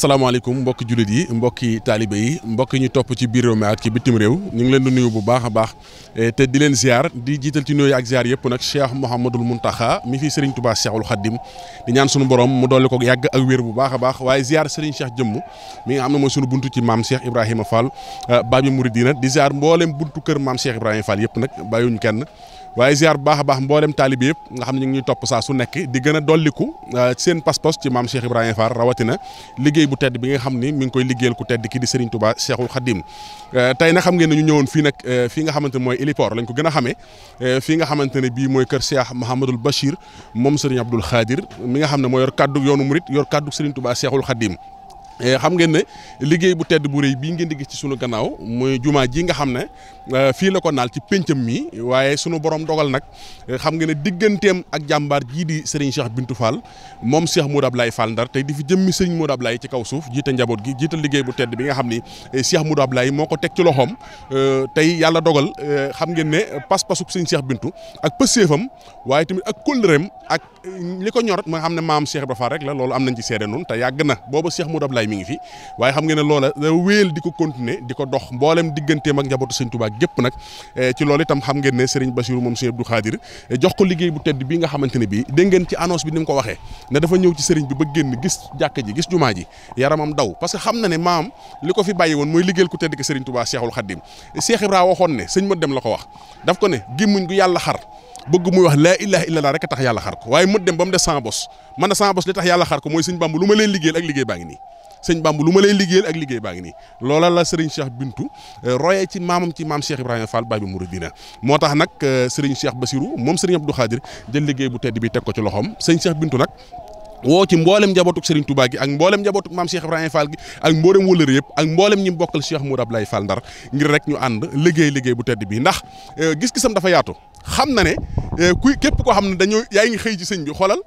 asalaamaaleykum mbokki jullit yi mbokki taalibe yi mbokki ñu topp ci biir réew mi ak ci bitim réew ñu ngi leen di nuyu bu baax a baax eh, te di leen ziar di jiital ci nuyu ak ziar yëpp nag Cheikh Mouhamadul Mountakha mi fi Serigne Touba Cheikhul Khadim di ñaan sunu borom mu dolli ko yàgg ak wér bu baax a baax waaye ziar Serigne Cheikh jëmm mi nga xam ne mooy sunu buntu ci maam Cheikh Ibrahima Fall eh, Babi Mouridina di ziar mboolem buntu kër maam Cheikh Ibrahima yëpp nag bàyyiwuñu kenn waaye ziar bu baax a baax mboolem taalibe yëpp nga xam ne ñu ngi ñuy topp saa su nekk di gën a dolliku euh, seen pas-pas ci maam Cheikh Ibrahima Fall rawatina liggéey bu tedd bi nga xam ni mi ngi koy liggéeyal ku tedd ki di Serigne Touba Cheikhul Khadim euh, tey nag xam ngeen ne ñu ñëwoon fii nag euh, fii nga xamante ne mooy héliport lañ ko gën a xamee fi nga xamante ne bii mooy kër Cheikh Mahamadul Bachir moom Serigne Abdoul Khadir mi nga xam ne moo yor kaddu yoonu murit yor kaddu Serigne Touba Cheikhul Khadim Eh, xam ngeen ne liggéey bu tedd bu rëy bii ngeen di gis ci sunu gannaaw muy jumaa ji nga xam ne eh, fii la ko naal ci péncam mi waaye sunu borom dogal nag eh, xam ngeen ne digganteem ak jàmbaar jii di Serigne Cheikh Bintou Fall moom Cheikh Modou Ablaye Fall Ndar tey di fi jëmmi Serigne Modou Ablaye ci kaw suuf jiite njaboot gi jiite liggéey bu tedd bi nga xam ni Cheikh Modou Ablaye moo ko teg ci loxoom tey yàlla dogal xam ngeen ne pas-pasu Serigne Cheikh Bintou ak pëseefam waaye tamit ak kóllëreem ak li ko ñor ma xam ne maam Cheikh ba Fall rek la loolu am nañ ci seede noonu te yàgg na booba mu Modou Ablaye mi ngi fi waaye xam ngeen ne loola da wéel di ko continuer di ko dox mboolem digganteem ak njabootu sëñ Touba gépp nag eh, ci loolu itam xam ngeen ne Serigne Bassirou moom Serigne Abdou Khadir eh, jox ko liggéey bu tedd bi nga xamante ne bii dégg ngeen ci annonce bi ni mu ko waxee ne dafa ñëw ci sëriñ bi ba génn gis jàkka ji gis jumaa ji yaramam daw parce xam na ne maam li ko fi bàyyi woon mooy liggéeyal ku tedd ki Serigne Touba Cheikhul Khadim Cheikh Ibra waxoon ne sëñ ma dem ko wax daf ko ne gémmuñ gu yàlla xar bëgg muy wax laa a tax sëñ Bamba lu ma lay liggéeyal ak liggéey baa ngi nii loola la sëriñ Cheikh Bintu euh, royee ci maamam ci maam Cheikh Ibrahima Fall Babi Mouridina moo tax nag euh, sëriñ Cheikh Basirou moom sëriñ Abdou Khadir jël liggéey bu tedd bi teg ko ci loxoom sëñ Cheikh Bintu nag. woo ci mboolem njabootuk sëriñ tubaa gi ak mboolem njabootuk maam Cheikh Ibrahima Fall gi ak mboolem wëllër yëpp ak mboolem ñi bokkal mu Mourad Ablaye Fall Ndar ngir rek ñu ànd liggéey liggéey bu tedd bi ndax euh, gis-gisam dafa yaatu xam na ne kuy képp koo xam ne dañoo yaa xëy ci sëñ bi xoolal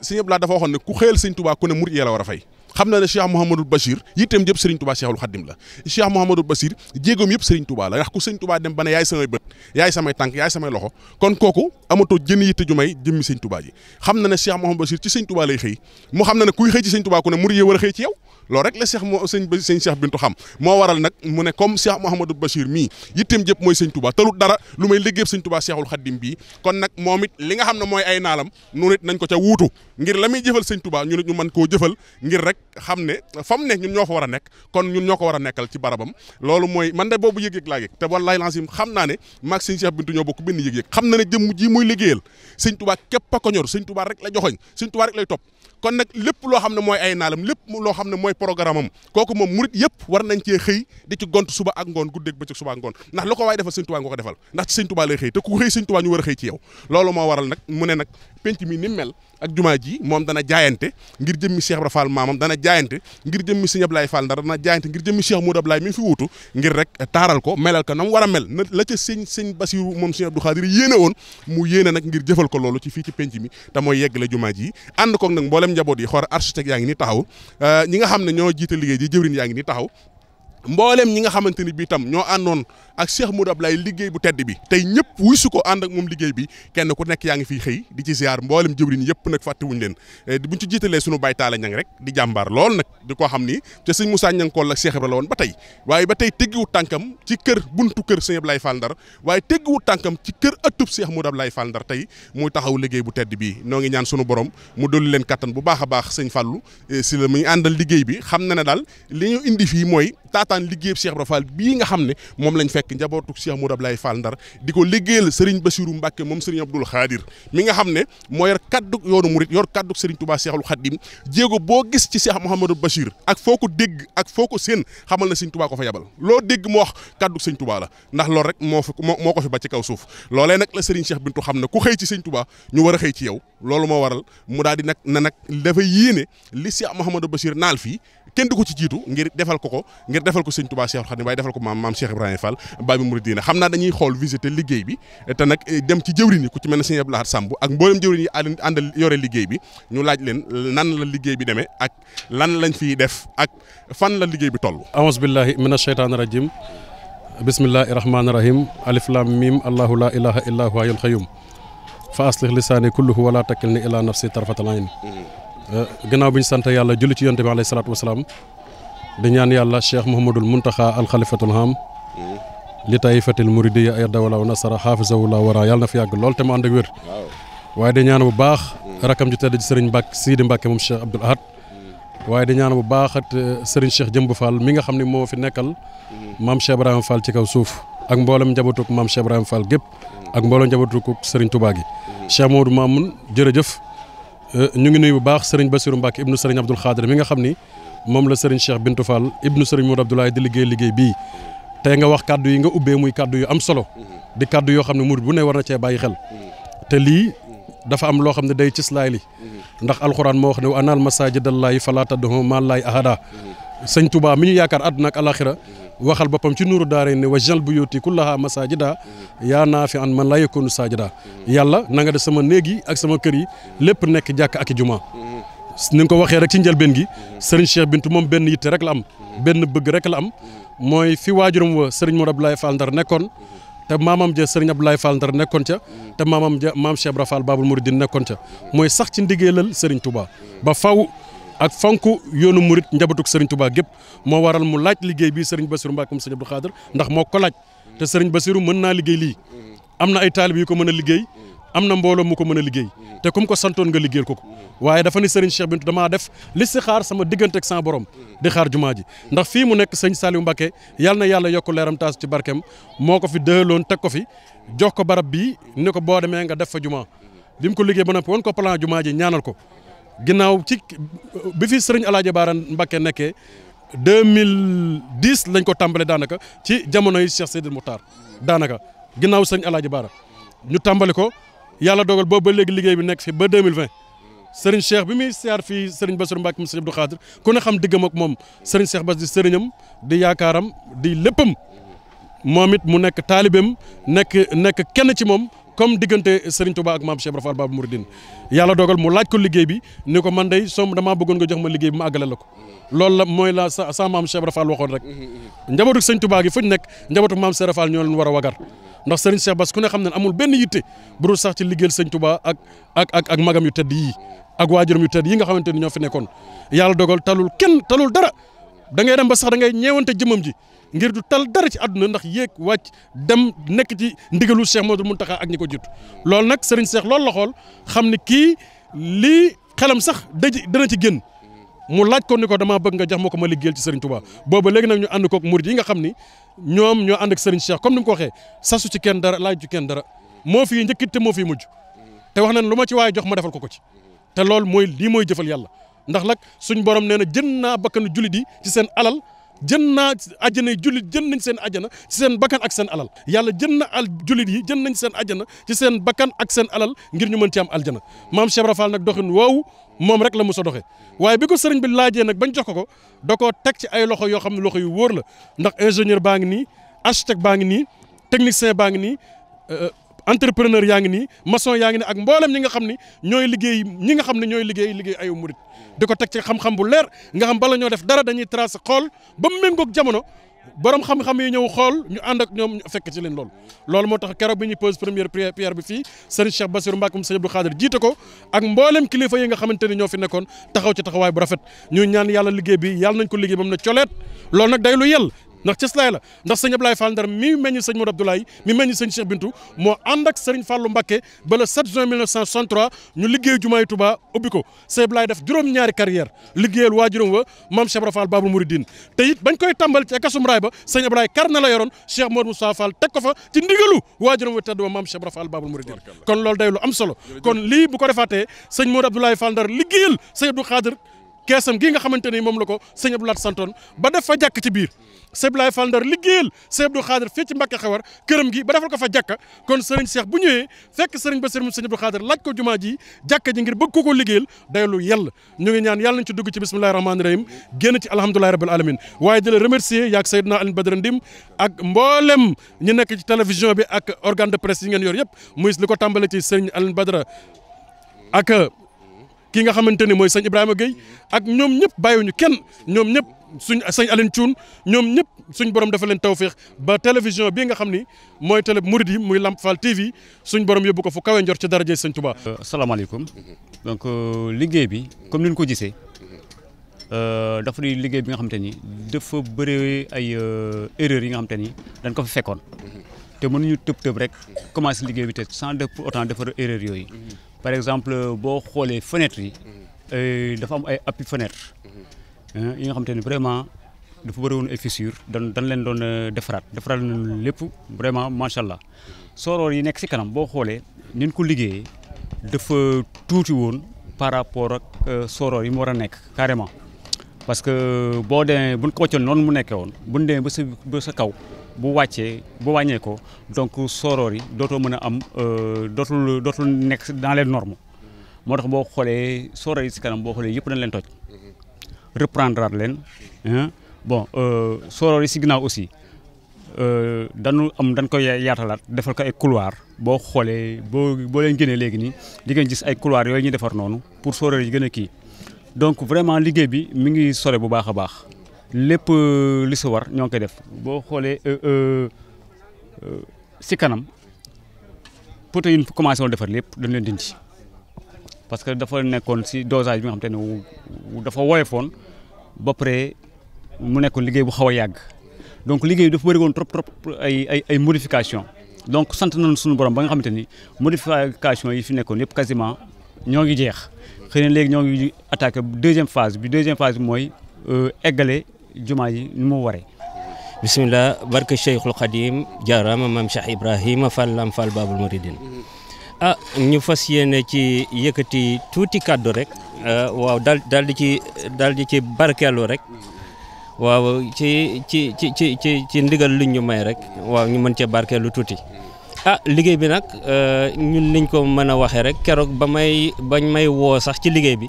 sëñ Abdoulaye dafa waxoon ne ku xëyal sëñ Touba ku ne murit yee la war a fay xam na ne Cheikh Mouhamadul Bachir yitteem yëpp Serigne Touba Cheikhul Khadim la Cheikh Mouhamadul Bachir jéegoom yëpp Serigne Touba la ndax ku Serigne Touba dem ba ne yaay samay bët yaay samay tànk yaay samay loxo kon kooku amatoo jënn yitte ju may jëmmi Serigne Touba ji xam na ne Cheikh Mouhamadul Bachir ci Serigne Touba lay xëy mu xam na ne kuy xëy ci Serigne Touba ku ne murid yi war a xëy ci yow loolu rek la Cheikh moo sëñ ba sëñ Cheikh xam moo waral nag mu ne comme Cheikh Mouhamadou Bachir mii yitteem jëpp mooy sëñ Touba talut dara lu may liggéeyam sëñ Touba Cheikhul Khadim bii kon nag moom nga xam ne mooy ay naalam noonu it ko ca wuutu ngir la muy jëfal sëñ Touba ñu nit ñu mën koo jëfal ngir rek xam ne fa mu ne ñun ñoo fa war a nekk kon ñun ñoo ko war a nekkal ci barabam loolu mooy man de boobu yëg-yëg laa yëg te wallaay lancim xam naa ne maag sëñ Cheikh Bintou ñoo bokk benn yëg-yëg xam na ne jëmm ji muy liggéeyal sëñ Touba képp a ko ñor sëñ Touba rek la joxoñ sëñ Touba rek lay topp kon nag lépp loo xam ne mooy ay naalam lépp loo xam ne mooy programme am kooku moom yëpp war nañ cee xëy di ci gont suba ak ngoon guddeeg bëccëg suba ak ngoon ndax lu ko waay defal sëñ tubaa nga ko defal ndax ci sëñ tubaa lay xëy te ku xëy sëñ tubaa ñu war a xëy ci yow loolu moo waral nag mu ne nag mi ni mel ak jumaa ji moom dana jaayante ngir jëmmi Cheikh Ibra Fall maamam dana jaayante ngir jëmmi sëñ Ablaye Fall Ndar dana jaayante ngir jëmmi ngi fi wuutu ngir rek taaral ko melal ko na mu war a mel na la ca sëñ sëñ Basiru moom sëñ Abdou Khadir yéene woon mu yéene nag ngir jëfal ko loolu ci fii ci penc mi te yegg la jumaa ji ànd ko nag mboolem njaboot yi xoor architecte yaa ngi ni taxaw euh, ñi nga xam ne ñoo jiite liggéey ji jëwrin yaa ngi ni taxaw mboolem ñi nga xamante ni bii tam ñoo àndoon ak Cheikh Modou Abdoulaye liggéey bu tedd bi tey ñëpp wuy su ko ànd ak moom liggéey bi kenn ku nekk yaa ngi fiy xëy di ci ziar mboolem jëwriñ yëpp nag fàttewuñu leen eh, buñ ci jiitalee sunu baytaala ñang rek di jàmbaar lool nag di ko xam ni te sëñ Moussa Ñankool ak Cheikh Ibra la woon ba tey waaye ba tey teggiwu tànkam ci kër buntu kër sëñ Abdoulaye Fall waaye teggiwu tànkam ci kër ëttub Cheikh Modou Abdoulaye Fall tey muy taxaw liggéey bu tedd bi noo ngi ñaan sunu borom mu dolli leen kattan bu baax a baax sañ fallu eh, si la muy àndal liggéey bi xam na ne daal li ñu indi fii mooy taataan liggéeyub Cheikh bi nga xam ne moom lañ fekk njabootu Cheikh Modou Abdoulaye Fall Ndar di ko liggéeyal Serigne Bassirou Mbacké moom Serigne Abdoul Khadir mi nga xam ne moo yor kaddu yoonu murit yor kaddu Serigne Touba Cheikhul Khadim jéego boo gis ci Cheikh Mouhamadou Bachir ak foo ko dégg ak foo ko séen xamal na Serigne Touba ko fa yabal loo dégg moo wax kaddu Serigne Touba la ndax loolu rek moo fi moo ko fi ba ci kaw suuf loole nag la Serigne Cheikh Bintou xam ne ku xëy ci Serigne Touba ñu wa a xëy ci yow loolu moo waral mu daal di nag na nag dafa yéene li Cheikh Mouhamadou Bachir naal fii kenn du ko ci jiitu ngir defal ko ko ngir defal ko sëñ Touba Cheikh Khadim baay defal ko maam maam Cheikh Ibrahima Fall Babi Mouridina xam naa dañuy xool visiter liggéey bi te nag eh, dem ci jëwriñ yi ku ci mel ne sëñ Abdou Lahad Samb ak mboolem jëwriñ yi àndal yore liggéey bi ñu laaj leen nan la liggéey bi demee ak lan lañ fiy def ak fan la liggéey bi toll aouzu billahi mina sheytaani rajim bismillahi rahmaani rahim alif lam mim allahu la ilaha illa huwa al hayyul qayyum fa aslih lisaani kulluhu wala takilni ila nafsi tarfatal ayn mm-hmm. Euh, gannaaw bi ñu sant yàlla julli ci yonte bi alayhi salaatu wasalaam di ñaan yàlla cheikh Mouhamadul Muntaxa alxalifatul ham hmm. li taifatil muridiya ay dawla wa nasara xaafisawula wara yàlla na fi yàgg lool te mu ànd ak wér waaye di ñaan bu baax hmm. rakam ju tedd ji sëriñ Mbàkke Siidi Mbàkke moom cheikh Abdoul Ahad hmm. waaye di ñaan bu baax at euh, sëriñ Cheikh Jëmb Fall mi nga xam ni moo fi nekkal maam Cheikh Ibrahima ci kaw suuf ak mboolem njabootuk maam Cheikh Ibrahima Fall ak mboolem njabootuk sëriñ Touba gi Euh, ñu ngi nuy bu baax sëriñ Bassirou Mbacke ibnu sëriñ Abdoul Khadir mi nga xam ni moom la sëriñ Cheikh Bintou Fall ibnu sëriñ Modou Abdoulaye di liggéey liggéey bii tey nga wax kàddu yi nga ubbee muy kàddu yu am solo di kàddu yoo xam ne mu bu ne war na cee bàyyi xel te lii dafa am loo xam ne day cislaay li ndax alxuraan moo wax ne wa anal masajidallaahi falaa tad'u laay ahadaa sëñ tubaa mi ñu yaakaar àdduna ak alaxira waxal boppam ci nuuru daare ne wa jal buyuti kullaha masajida yaa naa fi an man laa yakunu sajida yàlla nanga nga def sama néeg yi ak sama kër yi lépp nekk jàkk ak juma ni nga ko waxee rek ci njëlbeen gi sëriñ Cheikh Bintu moom benn yitte rek la am benn bëgg rek la am mooy fi waajuram wa sëriñ Modou laay Fall Ndar nekkoon te maamam ja sëriñ Abdoulaye Fall Ndar nekkoon ca te maamam ja maam Cheikh Ibra Fall Babul Mouridine nekkoon ca mooy sax ci ndigeelal sëriñ ak fonk yoonu murit njabatuk sëriñ Touba gépp moo waral mu laaj liggéey bi sëriñ Bassirou Mbacké sëriñ Abdou Khadre ndax moo ko laaj te sëriñ Bassirou mën naa liggéey lii am na ay taalib yu ko mën a liggéey am na mbooloo mu ko mën a liggéey te comme ko santoon nga liggéeyal ko ko waaye dafa ni sëriñ Cheikh Bintou damaa def li si xaar sama diggante ak sama di xaar jumaa ji ndax fii mu nekk sëñ Saliou Mbacké yàlla na yàlla yokk leeram taas ci barkeem moo ko fi dëhaloon teg ko fi jox ko barab bii ni ko boo demee nga def fa jumaa bi mu ko liggéey ba noppi woon ko plan jumaa ji ñaanal ko ginnaaw ci bi fi sëriñ El Hadj Baara Mbacké nekkee 2010 lañ ko tàmbale daanaka ci jamono yi Cheikh Seydil Moukhtar daanaka ginnaaw sëriñ El Hadj Baara ñu tàmbale ko yàlla dogal boobu ba léegi liggéey bi nekk fi ba 2020 sëriñ Cheikh bi muy siyaar fii sëriñ Bassirou Mbacké mu sëriñ Abdou Khadir ku a xam diggam ak moom sëriñ Cheikh Bass di sëriñam di yaakaaram di léppam moom it mu nekk taalibeem nekk nekk kenn ci moom comme diggante Serigne Touba ak maam Cheikh Ibra Fall Babu Mouridine yàlla dogal mu laaj ko liggéey bi ni ko man day som damaa bëggoon nga jox ma liggéey bi ma àggale la ko loolu la mooy la sa sa maam Cheikh Ibra Fall waxoon rek njabootu Serigne Touba gi fuñ nekk njabootu maam Cheikh Ibra Fall ñoo war a wagar ndax Serigne Cheikh Bass ku ne amul benn yitte bu dul sax ci liggéeyal Serigne Touba ak ak ak ak magam yu yii ak waajuram yu yi nga xamante ni ñoo fi nekkoon yàlla dogal talul kenn talul dara da ngay dem ba sax da ngay ñeewante jëmam ji ngir du tal dara ci àdduna ndax yéeg wàcc dem nekk ci ndigalu Cheikh Modou Mountakha ak ñi ko jiitu loolu nag Serigne seex loolu la xool xam ne kii lii xelam sax daj dana ci génn mu laaj ko ni ko dama bëgg nga jox ma ko ma liggéeyal ci Serigne Touba booba léegi nag ñu ànd ko murid i nga xam ni ñoom ñoo ànd ak Serigne Cheikh comme ni mu ko waxee sasu ci kenn dara laaj ci ken dara moo fi njëkkit te moo fi mujj te wax nañ lu ma ci waaye jox ma defal ko ko ci te loolu mooy lii mooy jëfal yàlla ndax nag suñ borom nee na jën naa bakkanu jullit yi ci seen alal jën naa àjjana yi jullit jën nañ seen ajana ci seen bakkan ak seen alal yàlla jën na al jullit yi jën nañ seen ajana ci seen bakkan ak seen alal ngir ñu mën ci am aljana maam Cheikh Rafal nag doxin woowu moom rek la mos a doxee waaye bi ko sëriñ bi laajee nag bañ jox ko ko da teg ci ay loxo yoo xam ne loxo yu wóor la ndax ingénieur baa ngi nii architecte baa ngi nii technicien baa ngi nii euh, entrepreneur yaa ngi nii maçon yaa ngi nii ak mboolem ñi nga xam ni ñooy liggéey ñi nga xam ne ñooy liggéey liggéey ayu murit di ko teg ci xam-xam bu leer nga xam bala ñoo def dara dañuy tracer xool ba mu méngoog jamono borom xam-xam yi ñëw xool ñu ànd ak ñoom fekk ci leen loolu loolu moo tax keroog bi ñuy pose première pierre bi fii Serigne Cheikh Bassirou Mbacké Serigne Abdou Khadir jiite ko ak mboolem kilifa yi nga xamante ni ñoo fi nekkoon taxaw ci taxawaay bu rafet ñu ñaan yàlla liggéey bi yàlla nañ ko liggéey ba mu ne coleet loolu nag day lu ndax cëslaay la ndax sëñ Ablaye Fall Ndar mi meññ sëñ Modou Abdoulaye mi meññ sëñ Cheikh Bintou moo ànd ak sëriñ Fallou Mbacké ba le 7 juin 1963 ñu liggéey jumaay Touba ubbi ko sëñ Ablaye def juróom-ñaari carrière liggéeyal waajuram wa maam Cheikh Ibra Fall Babou Mouridine te bañ koy tàmbali ci kasum raay ba sëñ Ablaye karne la yoroon Cheikh Modou Moustapha Fall teg ko fa ci ndigalu waajuram wa tedd wa maam Cheikh Ibra Fall Babou Mouridine kon loolu day lu am solo kon lii bu ko defaatee sëñ Modou Abdoulaye Fall Ndar liggéeyal sëñ Abdou Khadir keesam gi nga xamante ni moom la ko sëñ Abdou Lahat santoon ba def fa jàkk ci biir sëñ Abdoulaye Fall Ndar liggéeyal sëñ Abdou Khadir fii ci Mbàkke Xewar këram ba defal ko fa jàkka kon sëriñ Cheikh bu ñëwee fekk sëriñ Bassirou sëñ Abdou Khadir laaj ko jumaa ji jàkka ji ngir bëgg ko ko liggéeyal day lu yell ñu ngi ñaan yàlla nañ ci dugg ci bismillahi rahmaani rahim génn ci alhamdulilahi rabbil alamin waaye di la remercier yaag Seydina Alioune Badara Ndim ak mboolem ñi nekk ci télévision bi ak organe de presse yi ngeen yor yëpp muy li ko tàmbale ci sëriñ Alioune ki nga xamante ni mooy sëñ Ibrahima Gueye ak ñoom ñëpp bàyyiwuñu kenn ñoom ñëpp suñ sëñ Aline Thioune ñoom ñëpp suñ borom dafa leen tawféex ba télévision bii nga xam ni mooy télé murid yi muy Lamp Fall TV suñ borom yóbbu ko fu kawee njor ci daraja sëñ Touba. Euh, asalaamaaleykum donc euh, liggéey bi comme ni ñu ko gisee euh, dafa di liggéey bi nga xamante ni dafa bëri ay erreurs yi nga xamante ni dañ ko fa fekkoon te mun mënuñu tëb tëb rek commencé liggéey bi te sant pour autant defar erreur yooyu. par exemple boo xoolee fenêtre yi euh, dafa am ay appui fenêtre euh, yi nga xam te ne vraiment dafa bëri woon ay fissures dan dan leen doon euh, defaraat defaraat nañu lépp vraiment macha allah soroor yi nekk si kanam boo xoolee ni ñu ko liggéeye dafa tuuti woon par rapport ak soroor yi mu war a nekk carrément parce que boo demee buñ ko wàccoon noonu mu nekkee woon buñ demee ba sa ba kaw bu wàccee bu wàññee ko donc soroor yi dootoo mën a am euh, dootul dootul nekk dans les normes moo tax boo xoolee soroor yi si kanam boo xoolee yëpp dañ leen toj reprendre leen bon euh, soroor yi si ginnaaw aussi euh, dañu am dañ koy yaatalaat defal ko ay couloir boo xoolee boo boo leen génnee léegi nii di ngeen gis ay couloir yooyu ñuy defar noonu pour soroor yi gën a kii donc vraiment liggéey bi mi ngi sore bu baax a baax lépp euh, li si war ñoo ngi koy def boo xoolee euh, euh, si kanam poteau yi ñu commencé woon defar lépp dañ leen dindi parce que dafa nekkoon si dosage bi nga xam te ne dafa woyofoon ba pare mu nekk liggéey bu xaw a yàgg donc liggéey dafa bëri woon trop trop ay ay ay modification donc sant nañu suñu borom ba nga xamante ni modification yi fi nekkoon yëpp quasiment ñoo ngi jeex xëy léegi ñoo ngi attaqué deuxième phase bi deuxième phase bi mooy eggale jumaa yi ni mu waree. bisimilah barke Cheikhul Khadim jaaraama maam Cheikh Ibrahima Fall Lam Fall Babul Mouridine ah ñu fas yéene ci yëkkati tuuti kàddu rek ah, waaw daal di ci daal di ci barkeelu rek waaw ci ci ci ci ci ci ndigal lu ñu may rek waaw ñu mën cee barkeelu tuuti. ah liggéey bi nag ah, ñun niñ ko mën a waxee rek keroog ba may bañ may woo sax ci liggéey bi.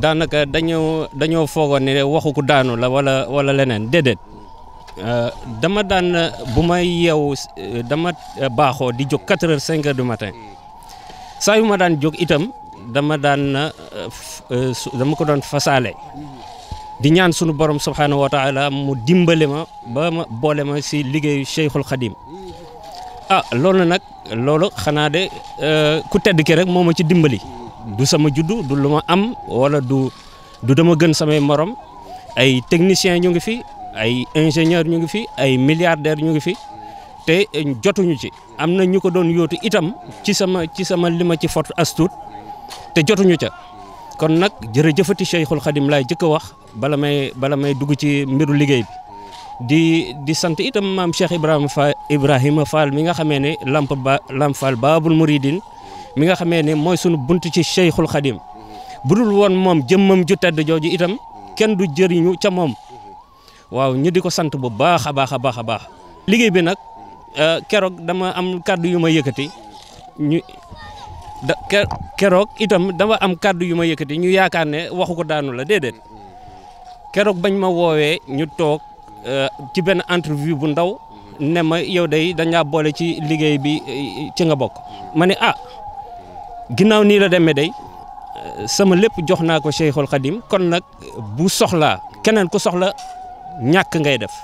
daanaka dañoo dañoo foogoon ne waxu ku daanu la wala wala leneen déedéet euh, dama daan bu ma yeewu euh, dama euh, baaxoo di jóg 4 heures 5 heures du yu ma daan jóg itam dama daan dama ko doon fasaale di ñaan sunu borom subhanahu wa mu dimbali ma bama boole ma si liggéeyu Cheikhul Khadim a ah, loolu nag loolu xanaa de ku tedd ki rek moo ma ci dimbali. du sama juddu du lu ma am wala du du dama gën samay morom ay techniciens ñu ngi fi ay ingénieurs ñu ngi fi ay milliardaires ñu ngi fi te jotuñu ci am na ñu ko doon yootu itam ci sama ci sama li ma ci fort astuut te jotuñu ca kon nag jërëjëfati Cheikhul Khadim laay jëkk a wax bala may bala may dugg ci mbiru liggéey bi di di sant itam maam Cheikh Ibrahima Fall Ibrahima Fall mi nga xamee ne Lamp ba Lamp Fall Baabul Mouridine mi nga xamee ne mooy sunu bunt ci Cheikhul Khadim bu dul woon moom jëmmam ju tedd jooju itam kenn du jëriñu ca moom waaw ñu di ko sant bu baax a baax a baax a baax liggéey bi nag euh, keroog dama am kàddu yu ma yëkkati ñu da keroog itam dama am kàddu yu ma yëkkati ñu yaakaar ne waxu ko daanu la déedéet keroog bañ ma woowee ñu toog euh, ci benn entrevue bu ndaw ne ma yow day dañ boole ci liggéey bi euh, ci nga bokk ma ne ah ginnaaw nii la demee day sama lépp jox naa ko Cheikhul Khadim kon nag bu soxlaa keneen ko soxla ñàkk ngay def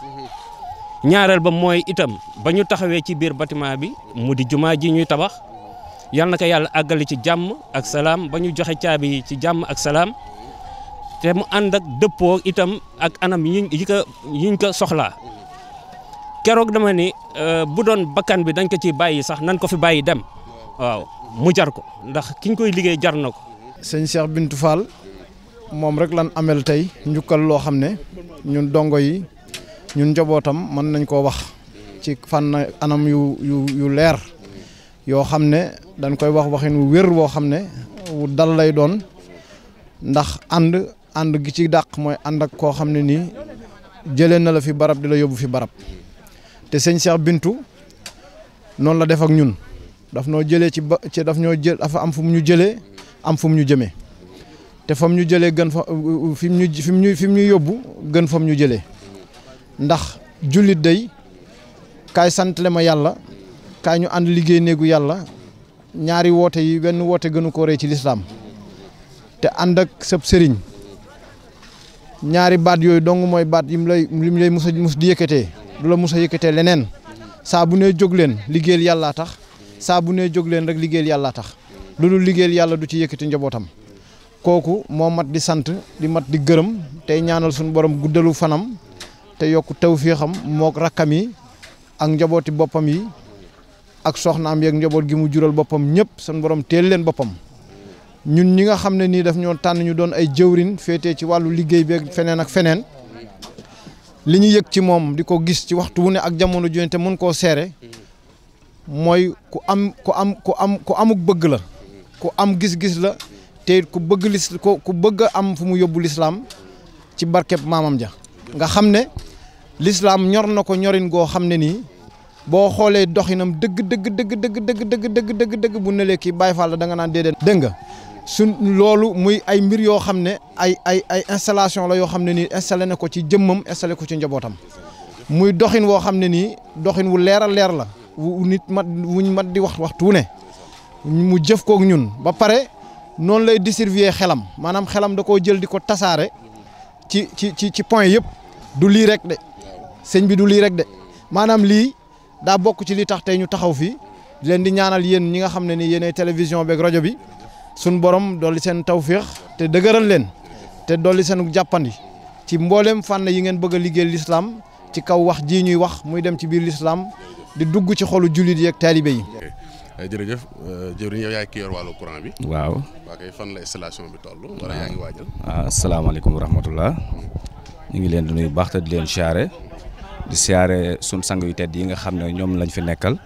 ñaareel ba mooy itam ba ñu taxawee ci biir bâtiment bi mu di jumaa ji ñuy tabax yal na ko yàlla àggali ci jàmm ak salaam ba ñu joxe caabi yi ci jàmm ak salaam te mu ànd ak dëppoo itam ak anam yi yi ko yiñ ko soxlaa keroog dama ni euh, bu doon bakkan bi dañ ko ci bàyyi sax nan ko fi bàyyi dem waaw mu jar ko ndax kiñ koy liggéey jar na ko. sëñ Cheikh bintu Fall moom rek lan ameel tey njukkal loo xam ne ñun dongo yi ñun njabootam mën nañ koo wax ci fànn anam yu yu yu leer yoo xam ne dañ koy wax waxin wu wér woo xam ne wu dal lay doon ndax ànd ànd gi ci dàq mooy ànd ak koo xam ne nii jëlee na la fi barab di la yóbbu fi barab te sëñ Cheikh Bintou noonu la def ak ñun. daf noo jëlee ci ba ci daf ñoo jël dafa am fu mu ñu jëlee am fu mu ñu jëmee te fa mu ñu jëlee gën fa euh, euh, euh, fi mu ñu fi mu ñu fi mu yóbbu gën fa mu ñu jëlee ndax jullit day kaay santle ma yàlla kaay ñu ànd liggéey néegu yàlla ñaari woote yi benn woote gënu ko ci lislaam te ànd ak sëb sëriñ ñaari baat yooyu dong mooy baat yi mu lay yi mu lay mus a mus di yëkkatee du la mus a yëkkatee leneen saa bu ne jóg leen yàlla yàllaa tax saa bu nee jóg leen rek liggéeyal yàlla tax lu dul liggéeyal yàlla du ci yëkkati njabootam kooku moo mat di sant di mat di gërëm tey ñaanal suñu borom guddalu fanam te yokk tawféexam mook rakkam yi ak njabooti boppam yi ak soxnaam yeeg njaboot gi mu jural boppam ñëpp suñu borom teel leen boppam ñun ñi nga xam ne nii daf ñoo tànn ñu doon ay jëwrin féetee ci wàllu liggéey beeg feneen ak feneen li ñu yëg ci moom di ko gis ci waxtu wu ne ak jamono jooju te koo seere mooy ku am ku am ku am ku amuk bëgg la ku am gis-gis la te ku bëgg lis ku bëgg am fu mu yóbbu lislaam ci barkeb maamam ja nga xam ne lislaam ñor na ko ñorin goo xam ne nii boo xoolee doxinam dëgg dëgg dëgg dëgg dëgg dëgg dëgg dëgg dëgg bu nelee kii Baay Faal la da nga naan déedéet dégg nga su loolu muy ay mbir yoo xam ne ay ay ay installation la yoo xam ne nii installé na ko ci jëmmam installé ko ci njabootam muy doxin woo xam ne nii doxin wu leer a leer la wu nit mat wuñ mat di wax waxtu ne mu jëf kook ñun ba pare noonu lay distribuer xelam maanaam xelam da koo jël di ko tasaare ci ci ci ci point yëpp du lii rek de sëñ bi du lii rek de maanaam lii daa bokk ci li tax tey ñu taxaw fii leen di ñaanal yéen ñi nga xam ne ni yéenay télévision beeg rajo bi sun borom dolli seen tawféex te dëgëral leen te dool seen jàppandi ci mboolem fànn yi ngeen bëgg a liggéey lislaam ci kaw wax ji ñuy wax muy dem ci biir lislaam di dugg ci xolu jullit yi ak taalibe yi. Eh, jërëjëf eh, jëwriñ yow yaay ki bi. waaw waa kay fan la installation bi toll. wala yaa ngi waajal. waaw ah, asalaamaaleykum wa rahmatullah ñu ngi leen di nuyu baax di leen siyaare di siyaare sunu sang yu tedd yi nga xam ne ñoom lañ fi nekkal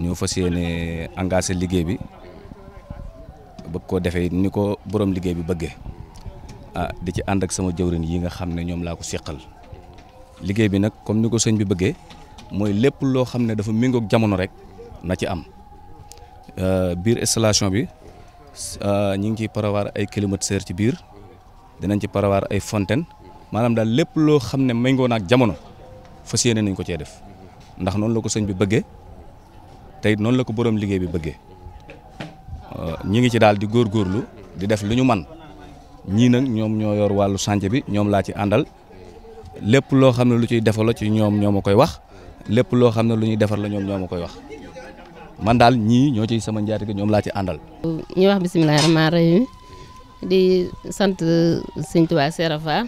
ñoo fas yéene engagé liggéey bi bëgg koo defee ni ko borom liggéey bi bëggee ah di ci ànd ak sama jëwriñ yi nga xam ne ñoom laa ko séqal liggéey bi nag comme ni ko sëñ bi bëggee. mooy lépp loo xam ne dafa méngoog jamono rek na ci am euh, biir installation bi euh, ñu ngi ciy prévoir ay climatiseurs ci biir dinañ ci prévoir ay fontaine maanaam daal lépp loo xam ne méngoo naag jamono fas yéene nañ ko cee def ndax noonu la ko sëñ bi bëggee tey noonu la ko borom liggéey bi bëggee euh, ñu ngi ci daal di góor góorlu di def lu ñu man ñii nag ñoom ñoo yor wàllu chantier bi ñoom laa ci àndal lépp loo xam ne lu ciy defalo ci ñoom ñoo ma koy wax lépp loo xam ne lu ñuy defar la ñoom ñoo ma koy wax man daal ñii ñoo ciy sama njaatige ñoom laa ci àndal. ñu wax bisimilah rahmaani rahiim di sant sëñ Tuubaa Seera Faal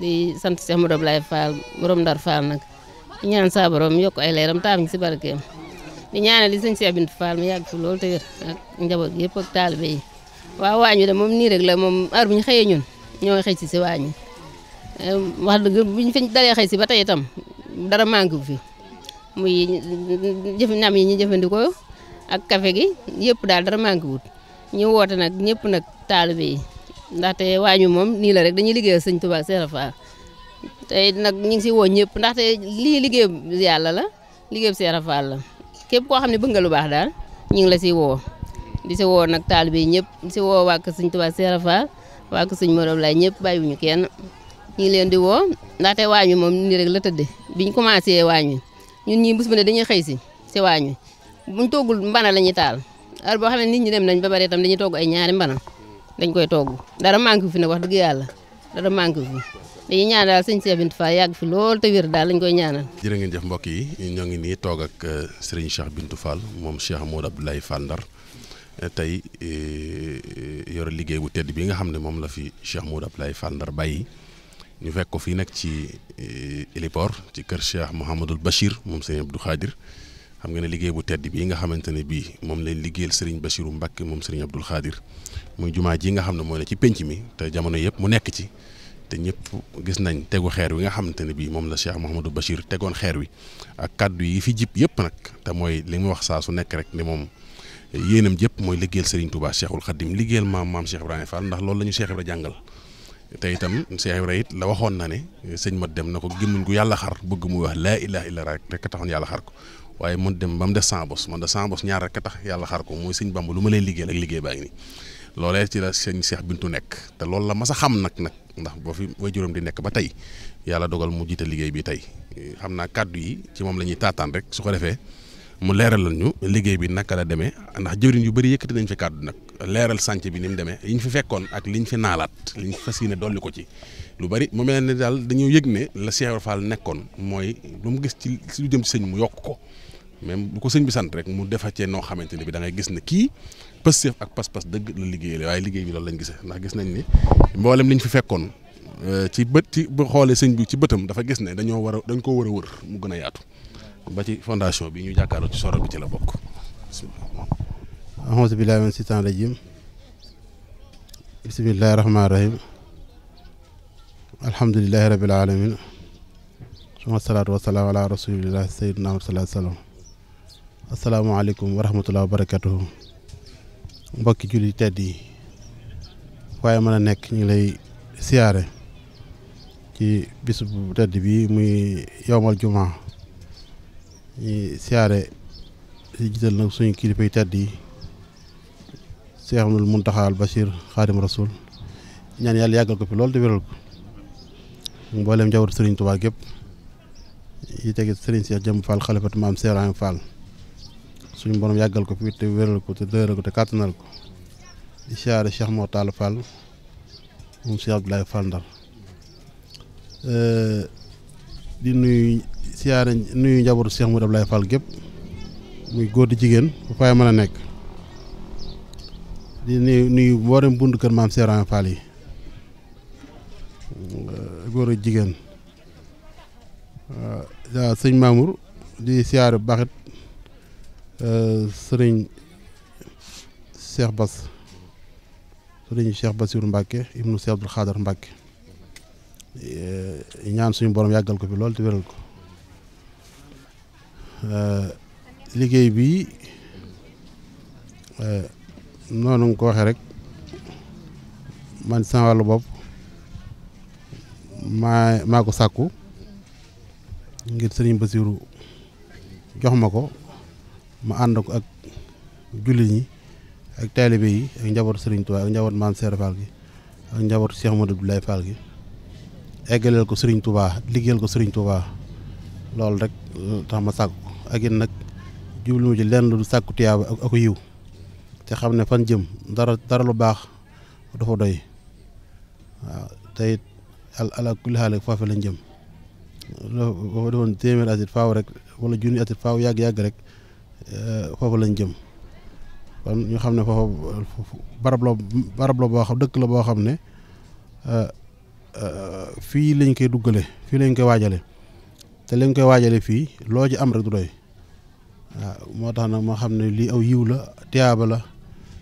di sant Cheikh Modou Ablaye Fall borom Ndar Fall nag di ñaan saa borom yokk ay leeram taam ñu si barkeem di ñaanal li si Cheikh Bintou Fall mu yàgg fi loolu te wér ak njaboot gi yëpp ak taalibe yi waaw waañu de moom nii rek la moom heure bu ñu xëyee ñun ñoo xëy si si waañu eh, wax dëgg bu ñu fi dalee xëy si ba tey muy jëf nam yi ñu jëfandikoo ak café gi yëpp daal dara manqué wut ñu woote nag ñëpp nag taalibe yi ndaxte waañu moom nii la rek dañuy liggéeyal sëñ Tuubaa Seex Ibra Faal tey nag ñu ngi si woo ñëpp ndaxte lii liggéey yàlla la liggéey Seex Ibra Faal la képp koo xam ne bëgg nga lu baax daal ñu ngi la si woo di si woo nag taalibe yi ñëpp di si wo waa kër sëñ Tuubaa Seex Ibra Faal waa kër sëñ Morom Laay ñëpp bàyyiwuñu kenn ñu ngi leen di woo ndaxte waañu moom nii rek la tëdde biñ commencé ñun ñii bés bu ne dañuy xëy si si waañ wi buñ toggul mbana la ñuy taal heure boo xam ne nit ñi dem nañ ba pare itam dañuy togg ay ñaari mbana dañ koy togg dara manqué fi nag wax dëgg yàlla dara manqué fi dañuy ñaan daal sëñ Cheikh Bintou Fall yàgg fi lool te wér daal dañ koy ñaanal. jërë ngeen jëf mbokk yi ñoo ngi nii toog ak euh, sëriñ Cheikh Bintou Fall moom Cheikh Modou Abdoulaye Fall Ndar euh, tey euh, yore liggéey bu tedd bi nga xam ne moom la fi Cheikh Modou Abdoulaye Fall Ndar bàyyi ñu fekk ko fii nag ci héliport eh, ci kër Cheikh Mouhamadul Bachir moom sëñ Abdou xaadir xam nga ne liggéey bu tedd bii nga xamante ne bii moom lañ liggéeyal sëriñ Bachiru Mbacke moom sëriñ Abdou Khadir muy jumaa ji nga xam ne mooy ne ci penc mi te jamono yëpp mu nekk ci te ñëpp gis nañ tegu xeer wi nga xamante ne bii moom la Cheikh Mouhamadul Bachir tegoon xeer wi ak kaddu yi fi jib yëpp nag te mooy li mu wax saa su nekk rek ne moom eh, yéenam jëpp mooy liggéeyal sëriñ Touba Cheikhul Khadim liggéeyal maam maam Cheikh Ibrahima Fall ndax loolu la ñu Cheikh Ibrahima jàngal te itam Cheikh Ibra it la waxoon na ne sëñ Mat Dem na ko gémmiñ gu yàlla xar bëgg muy wax laa ilaha illa rek rek taxoon yàlla xar ko waaye Mat Dem ba mu def sans bos man de sans bos ñaar rek a tax yàlla xar ko mooy sëñ Bamba lu ma lay liggéeyal ak liggéey baa ngi nii loolee ci la sëñ Cheikh Bintu nekk te loolu la ma a xam nag nag ndax boo fi waajuram di nekk ba tey yàlla dogal mu jiite liggéey bi tey xam naa kàddu yi ci moom la ñuy taataan rek su ko defee mu leeralal ñu liggéey bi naka la demee ndax jëwriñ yu bëri yëkkati nañ fi kàddu nag leeral sànc bi ni mu demee yi ñu fi fekkoon ak li ñu fi naalaat li ñu fas yéene dolli ko ci lu bëri mu mel ne daal dañoo yëg ne la Cheikh nekkoon mooy lu mu gis ci lu jëm sëñ mu yokk ko même lu ko sëñ bi sant rek mu defa cee noo xamante ne bi da ngay gis ne kii pësteef ak pas-pas waaye liggéey bi loolu lañ gisee ndax gis nañ ni mboolem li ñu fi fekkoon euh, ci bët ci bu xoolee sëñ bi ci bëtam dafa gis ne dañoo war a dañ ko war a wër mu gën a yaatu ba ci bi ñu jàkkaarloo ci sorol bi ci la bokk ahousu billahi min sitan rajim bismillahi rahmaani rahim alhamdulilahi rabil alamin suma salaatu wasalaam ala rasulillahi sayyidina Muhammad sallallahu alayhi wa sallam asalaamaaleykum wa rahmatulah wa barakatuhu mbokki julli tedd yi waaye mën a nekk ñu lay siyaare ci bis bu bi muy yowmal jumaa ñi siyaare si gisal nag suñu kilifa yi tedd yi Cheikh Amadou Mountakha al Bachir Khadim Rasoul ñaan yàlla yàggal ko fi loolu te wéral ko mboolem njabootu Serigne Touba gépp yi tege Serigne Cheikh Jëm Fall xalifatu maam Serigne Fall suñu borom yàggal ko fi te wéral ko te dëral ko te kàttanal ko di siyaare Cheikh Mor Tall Fall moom Cheikh Abdoulaye Fall Ndar di siyaare nuyu njabootu Cheikh Modou Abdoulaye Fall gépp muy góor di jigéen bu fay mën a nekk di nuyu nuyu mboolem buntu kër maam Serigne Fall yi uh, jigéen uh, sëñ Mamour di siyaare bu baax it uh, sëriñ Cheikh Bass sëriñ Cheikh Bassirou Mbacke ibnu Cheikh Abdoul Khader ñaan suñu borom yàggal ko fi loolu te wéral ko. Euh, liggéey bi euh, noonu nga ko waxee rek man sama wàllu bopp maa maa ko sàkku ngir sëriñ Basiru jox ma ko ma ànd ko ak jullit ñi ak taalibe yi ak njabootu sëriñ Tuubaa ak njabootu Maam Seere Faal gi ak njabootu Cheikh Modou Abdoulaye Fall gi eggaleel ko sëriñ Tuubaa liggéeyal ko sëriñ Tuubaa loolu rek euh, tax ma sàkku ak it nag jublu ci lenn lu sàkku tiyaaba ak ak yiw te xam ne fan jëm dara dara lu baax dafa doy waaw te it al ala kulli foofu lañ jëm boo fa defoon faaw rek wala junni asit yàgg yàgg rek eh, foofu lañ jëm kon ñu xam ne foofu barab la boo xam dëkk la boo xam ne eh, eh, fii lañ koy duggale fii lañ koy waajale te lañ koy waajale fii loo ci am rek du doy. waaw moo tax nag ma xam ne lii aw yiw la tiyaaba la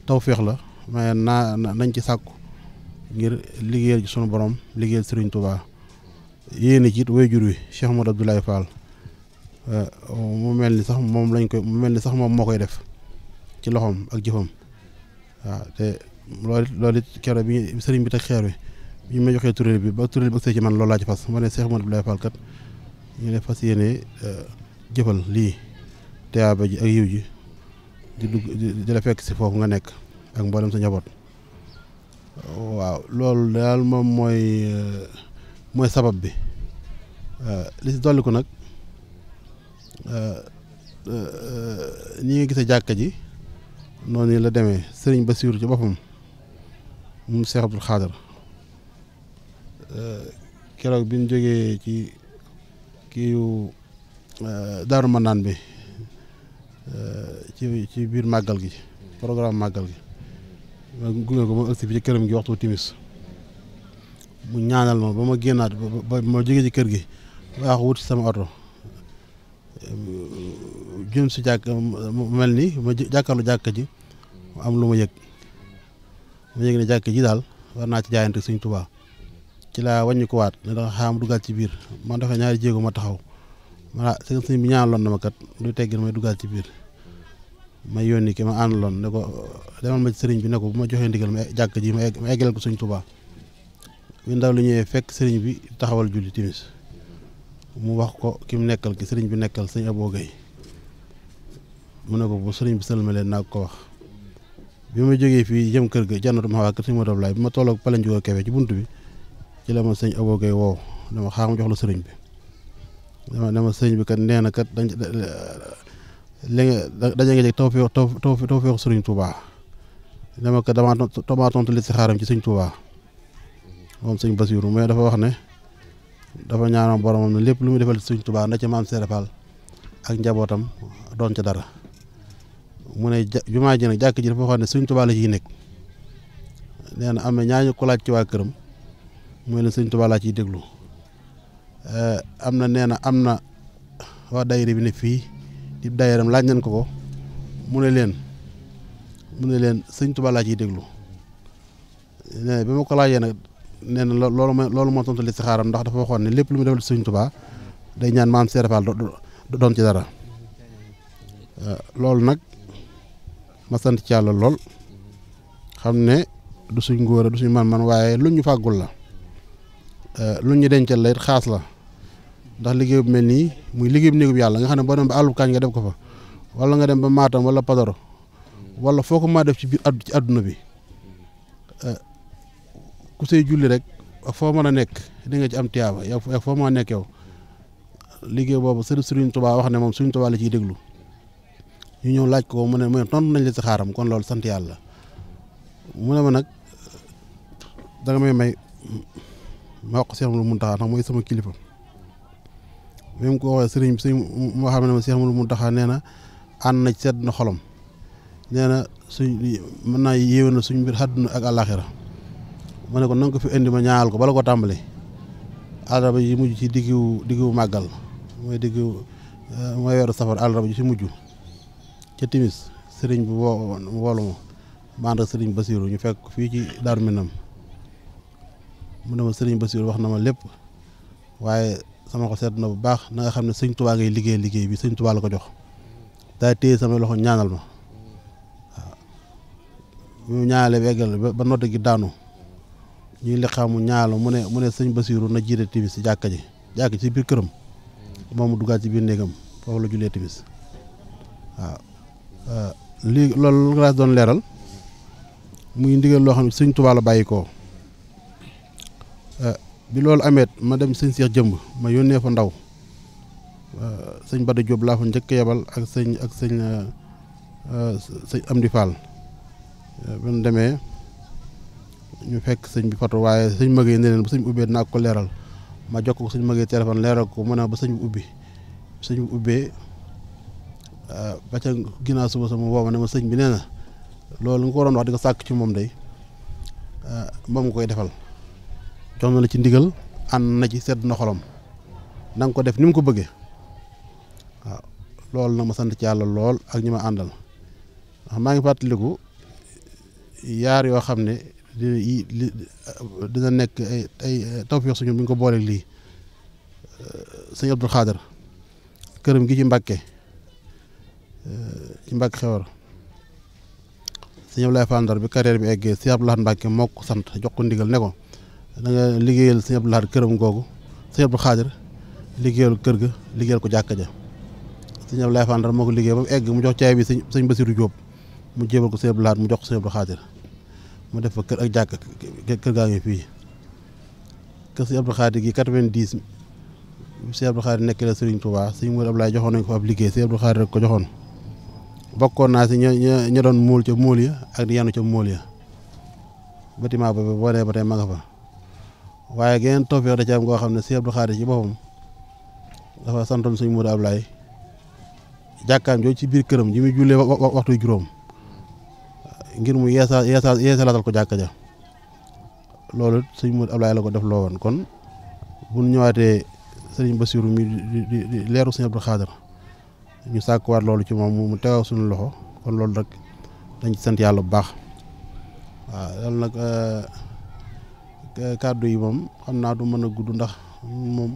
tawféex la mais naa nañ ci sàkku ngir liggéeyal ci sunu borom liggéeyal sëriñ Touba yéene ci it waajur wi Cheikh Modou Abdoulaye Fall mu mel ni sax moom lañ koy mu mel ni sax moom moo koy def ci loxoom ak jëfam waaw te loolu loolu kero bi sëriñ bi te xeer wi bi ma joxee tureel bi ba tureel bi ak ci man loolu laa ci fas ma ne Cheikh Modou ñu ne fas yéene euh, jëfal lii tiyaaba ji ak yiw ji di dugg di la fekk si foofu nga nekk ak mboolem sa njaboot waaw loolu daal moom mooy euh, mooy sabab bi euh, li si ko nag ni euh, nga gisee jàkka ji noonu la demee sëriñ ba Basiiru ci boppam moom Seex Abdul Xaadar keroog bi ñu jógee ci kiiw daaru manaan bi Euh, ci ci biir màggal gi programme màggal gi ma gunge ko ba mu agsi fi ci këram gi waxtu timis mu ñaanal ma ba ma génnaat ba ma jógee ci kër gi baax wut sama oto jëm si jàkk mel ni ma jàkkaarlu jàkk ji mu am lu ma yëg ma yëg ne jàkk ji daal war naa ci jaayante Sëñ Tuubaa ci laa wàññi ko waat ne dafa xaam dugal ci biir man dafa ñaari jéego ma taxaw ah sëñ sëñ bi ñaanaloon na ma kat du teggin may duggaat ci biir ma yónni ki ma àndaloon ne ko demal ma ci sëriñ bi ne bu ma joxee ndigal ma e-, jàkk ji ma eggaleel ko sëñ Tuubaa bi ndaw li ñëwee fekk sëriñ bi taxawal julli timis mu wax ko ki mu nekkal ki sëriñ bi nekkal sëñ Aboo Gay mu ne ko bu sëriñ bi sëlmalee naa ko wax bi ma jógee fii jëm kër ga jannatu ma xawaa kër bi ma tolloog palen jógoo kebe ci bunt bi ci la ma sëñ Aboo Gay la sëriñ bi dama dama sëriñ bi kat nee na kat dañ léegi daje nga jeg tawfeex tawfeex sëriñ Touba dama kat damaa damaa tontu li si xaaram ci sëriñ Touba moom sëriñ Basiru mais dafa wax ne dafa ñaanam boromam ne lépp lu mu defal sëriñ Touba na ci maam Seere Faal ak njabootam doon ca dara mu ne jumaa ji nag jàkk ji dafa waxoon ne sëriñ Touba la ciy nekk nee na am na ñaañu ko laaj ci waa këram mooy leen sëriñ Touba laa ciy déglu am na nee na am na waa daayira bi ne fii di daayiram laaj nañ ko ko mu ne leen mu ne leen sëñ Tuubaa laa ciy déglu nee na bi ma ko laajee nag nee na loolu mooy loolu moo tontu li si xaaram ndax dafa waxoon ne lépp lu mu defal sëñ Tuubaa day ñaan maam Seere Faal du doon ci dara loolu nag ma sant ci yàlla lool xam ne du suñ ngóora du suñ man-man waaye lu ñu fàggul la lu ñu dencal la xaas la ndax liggéey bu mel nii muy liggéey bu néegub yàlla nga xam ne boo dem ba àllub kaañ nga def ko fa wala nga dem ba Matam wala padaro wala foo ko ma def ci biir ci àdduna bi eh, ku say julli rek foo mën a nekk di ci am tiyaaba ak foo mën a nekk yow liggéey boobu sëriñ Sëriñ Tuubaa wax ne moom Sëriñ Tuubaa la ciy déglu ñu ñëw laaj ko mu ne mu ne nañ la si xaaram kon loolu sant yàlla mu ne ma nag danga may may ma wax ko Seex Muntaxa ndax mooy sama kilifa. bi mu ko waxee sëriñ bi sëñ moo xam ne ma Cheikh Mouhamadou Mountakha nee na ànd na ci sedd na xolam nee na suñ mën naa yéwé na suñ mbir àdduna ak àllaaxira ma ne ko na nga ko fi indi ma ñaanal ko bala ko tàmbali àllarba yi mujj ci diggu diggu màggal mooy diggu eh, mooy weeru safar àllarba ji ci mujj ca timis sëriñ bi woo woolu ma ma ànd ak sëriñ Basiiru ñu fekk fii ci Daaru Minam mu ne ma sëriñ Basiiru wax na ma lépp waaye sama ko sedd na bu baax na nga xam ne sëñ tubaa ngay liggéey liggéey bi sëñ tubaa la ko jox daa téye sama loxo ñaanal ma waaw ñu ñaanale weggal ba nodd gi daanu ñu ngi liqaam mu ñaanal mu ne sëñ Basiiru na jiite timis si jàkka ji jàkk ci biir këram moom mu duggaat ci biir néegam foofu la julee timis waaw lii loolu la doon loo xam ne sëñ tubaa bàyyi koo bi loolu amee ma dem sëñ Cheikh Jëmb ma yónnee fa ndaw euh, sëñ Bada Diop laa fa njëkk yebal ak sëñ ak sëñ euh, sëñ Amdi Fall euh, ba mu demee ñu fekk sëñ bi fatu waaye sëñ magee ne leen ba sëñ bi ubbee naa ko leeral ma jokk ko sëñ magee téléphone leeral ko mu ne ba sëñ bi ubbi sëñ bi ubbee ba ca ginnaaw suba sama woo ma sëñ bi nee na loolu nga ko waroon wax di ko sàkk ci moom day moom nga koy defal jox na la ci ndigal ànd na ci sedd na xolam na ko def ni mu ko bëggee waaw loolu nag ma sant ci yàlla lool ak ñi ma àndal maa ngi fàttaliku yaar yoo xam ne dina nekk ay ay tawfeex suñu bu ñu ko booleeg lii sëñ Abdou Khader këram gi ci Mbàkke ci Mbàkke xewar sëñ Abdoulaye Fandar bi carrière bi eggee si Abdoulaye Mbàkke moo ko sant jox ko ndigal ne da nga liggéeyal sëñ Abdou Lahad këram googu sëñ kër ga liggéeyal ko jàkka ja sëñ Abdou Lahad moo ko liggéey ba mu egg mu jox caay bi sëñ sëñ Basiru Jóob mu jébal ko sëñ Abdou Lahad mu jox ko sëñ Abdou Xaadir mu def fa kër ak jàkk kër gaa ngi fii kër sëñ Abdou gi 90 sëñ Abdou Xaadir nekk la Sëriñ Tuubaa sëñ joxoon nañ ko ab liggéey sëñ Abdou Xaadir rek ko joxoon bokkoon naa si ña doon móol ca móol ya ak di yanu ca móol ya bâtiment boobu boo dee ba tey ma fa waaye geneen tawfeex da ci am goo xam ne Sëñ Abdou Khadre ci boppam dafa santoon Sëñ Modou Ablaye jàkkaam jooju ci biir këram ji muy jullee waxtu juróom ngir mu yeesa yeesa yeesalaatal ko jàkka ja loolu Sëñ Modou Ablaye la ko def loo kon bu ñu ñëwaatee Sëriñ Bassirou mi di di leeru Sëñ Abdou Khadre ñu sàkkuwaat loolu ci moom mu tegaw suñu loxo kon loolu rek dañ ci sant yàlla bu baax euh, Eh, kàddu yi moom xam naa du mën a gudd ndax moom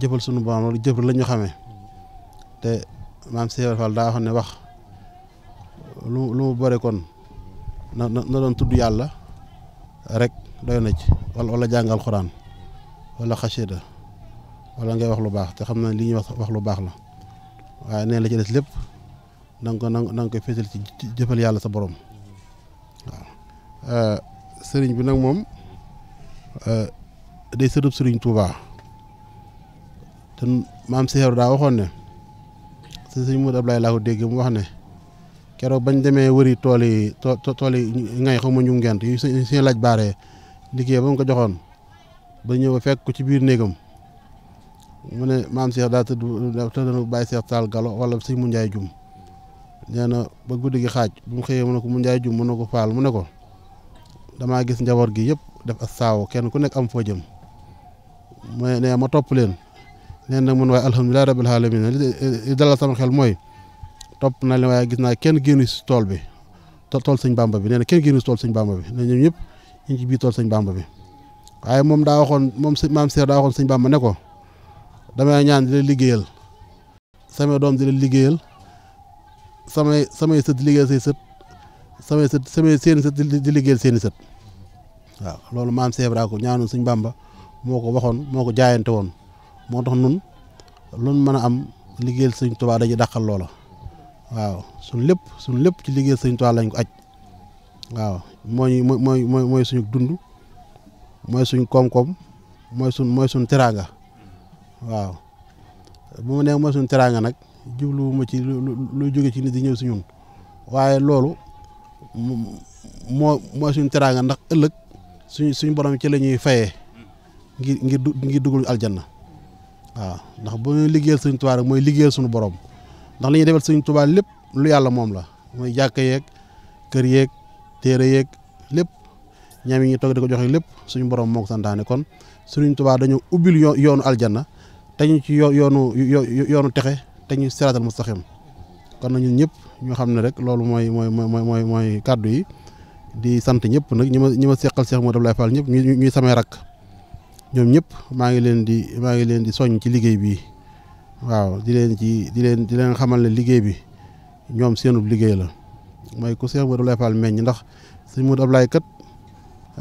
jëfal sunu borom loolu jëf la ñu xamee te maam Cheikh Fall daa wax ne wax lu lu mu bëre kon na na doon tudd yàlla rek doy na ci walla wala jàngal xuraan wala xasida wala ngay wax lu baax te xam na li ñuy wax wax lu baax la waaye nee la ci des lépp na ko na koy féetal ci jëfal yàlla sa borom waaw eh, sëriñ bi nag moom day sërëb sëriñ Touba te maam Seexeeru daa waxoon ne si sëñ Mouride lay laa ko dégg mu wax ne keroog bañ demee wëri tool yi too tool yi ngay xaw ma ñu ngent yu seen laaj baaree liggéey ba mu ko joxoon ba ñëw fekk ko ci biir néegam mu ne maam Seex daa tëdd tëdd bàyyi Seex Taal Galo wala sëñ mu Njaay Jum nee na ba guddi gi xaaj bu mu xëyee mu ne ko mu Njaay Jum mun na ko faal mu ne ko damaa gis njaboot gi yëpp. def a saaw kenn ku nekk am foo jëm mooy nee ma topp leen nee nag man waaye alhamdulilah rabil alamin i dalal sama xel mooy topp na leen waaye gis naa kenn génnu si tool bi tool sëñ bàmba bi nee na kenn génnu si tool bi nee ñoom ci biir tool sëñ bi waaye moom daa waxoon moom sëñ maam Seex daa waxoon sëñ bàmba ne ko damay ñaan di la liggéeyal samay doom di la liggéeyal samay samay sët di liggéeyal say sët samay sët samay seeni sët di liggéeyal seeni sët waaw loolu maam Cheikh Ibra ko ñaanoon suñ Bàmba moo ko waxoon moo ko jaayante woon moo tax nun luñ mën a am liggéey sëñ Tuubaa dañuy daqal loola waaw suñ lépp suñ lépp ci liggéeyal sëñ Tuubaa lañ ko aj waaw mooy mooy mooy suñu dund mooy suñ koom-koom mooy suñ mooy suñ teraanga waaw bu mu nee mooy suñ teraanga nag jubluwuma ci lu lu jóge ci nit di ñëw si ñun waaye loolu moo mooy suñ teraanga ndax ëllëg suñ suñ borom ci la ñuy fayee mm. ngir ngir ngir dugal aljanna waaw ndax bu ñuy liggéeyal suñ tubaar mooy liggéeyal suñu borom ndax li ñuy defal suñ Tuubaa lépp lu yàlla moom la mooy jàkka yeeg kër yeeg téere yeeg lépp ñam yi ñu toog di ko joxe lépp suñu borom moo santaane kon suñu Tuubaa dañu ubbil yoonu aljana te ñu ci yoonu yoonu texe te ñu siraatal mustaqim kon na ñun ñëpp ñu xam ne rek loolu mooy mooy mooy mooy mooy kàddu yi di sant ñëpp nag ñi ma ñi ma seqal Cheikh Modou Abdoulaye Fall ñëpp ñu ñuy samay rakk ñoom ñëpp maa ngi leen di maa ngi leen di soññ ci liggéey bi waaw di leen ci di leen di leen xamal ne liggéey bi ñoom seenub liggéey la mooy ku Cheikh Modou Abdoulaye Fall meññ ndax sëñ Modou Abdoulaye kat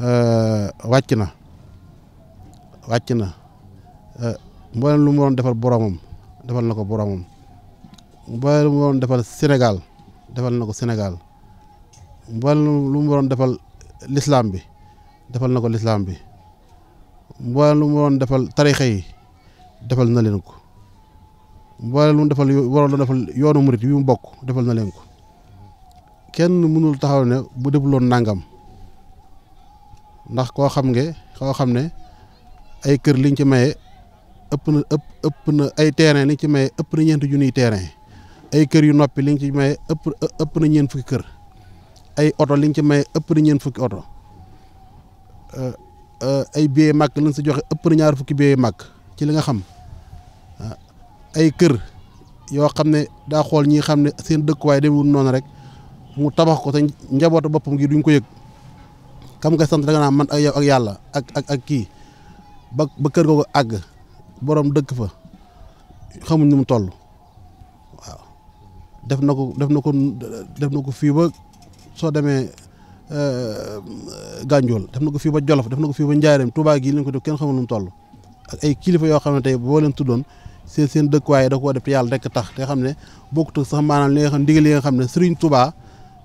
euh, wàcc na wàcc na euh, mboolem lu mu doon defal boromam defal na ko boromam mboolem lu mu doon defal Sénégal defal na ko Sénégal mboolem lu mu waroon defal lislaam bi defal na ko lislaam bi mboolem lu mu waroon defal tarixa yi defal na leen ko mboolem lu mu defal waroon defal yoonu murit bi mu bokk defal na leen ko kenn mënul taxaw ne bu defuloon nangam ndax koo xam nge koo xam ne ay kër liñ ci maye ëpp na ëpp ëpp na ay terrain liñ ci maye ëpp na ñeenti junniy terrain ay kër yu noppi liñ ci maye ëpp ëpp na ñeent fukki kër ay oto liñ ci maye ëpp na ñeent fukki oto euh, euh, ay billets màkk lañ si joxe ëpp ñaar fukki billets màkk ci li nga xam euh, ay kër yoo xam ne daa xool ñi xam ne seen dëkkuwaay demewul noonu rek mu tabax ko te njabootu boppam gi duñ ko yëg xam nga sant da nga naan man ak yàlla ak ak kii ba ba kër googu àgg boroom dëkk fa xamuñ nu mu toll waaw def na ko def na ko def na ko fii ba. soo demee euh, Gànjool def na ko fii ba Jolof def na ko fii ba Njaareem tubaa gii lañ ko def kenn xamul nu mu toll ak ay kilifa yoo xam ne tey boo leen tuddoon seen seen dëkkuwaay da koo def te yàlla rek tax te xam ne bokkut sax maanaam li nga xam ndigal yi nga xam ne Serigne Touba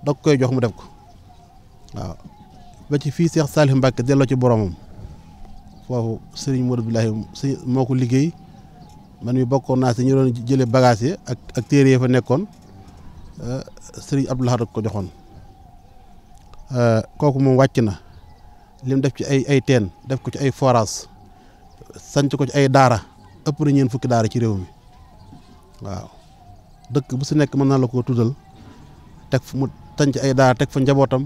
da koy jox mu def ba ci fii Seex Saalih Mbàkke delloo ci boromam foofu Serigne Modou Bilahi moo ko liggéey man mi bokkoon naa si ñu doon jëlee bagage yi ak ak téere yi fa nekkoon euh, Serigne Abdoulaye da ko joxoon. Eh, kooku moom wàcc na lim def ci ay ay teen def ko ci ay forage sanc ko ci ay daara ëpp na ñeen fukki daara ci réew mi waaw dëkk bu si nekk mën naa la ko tuddal teg fu mu sanc ay daara teg fa njabootam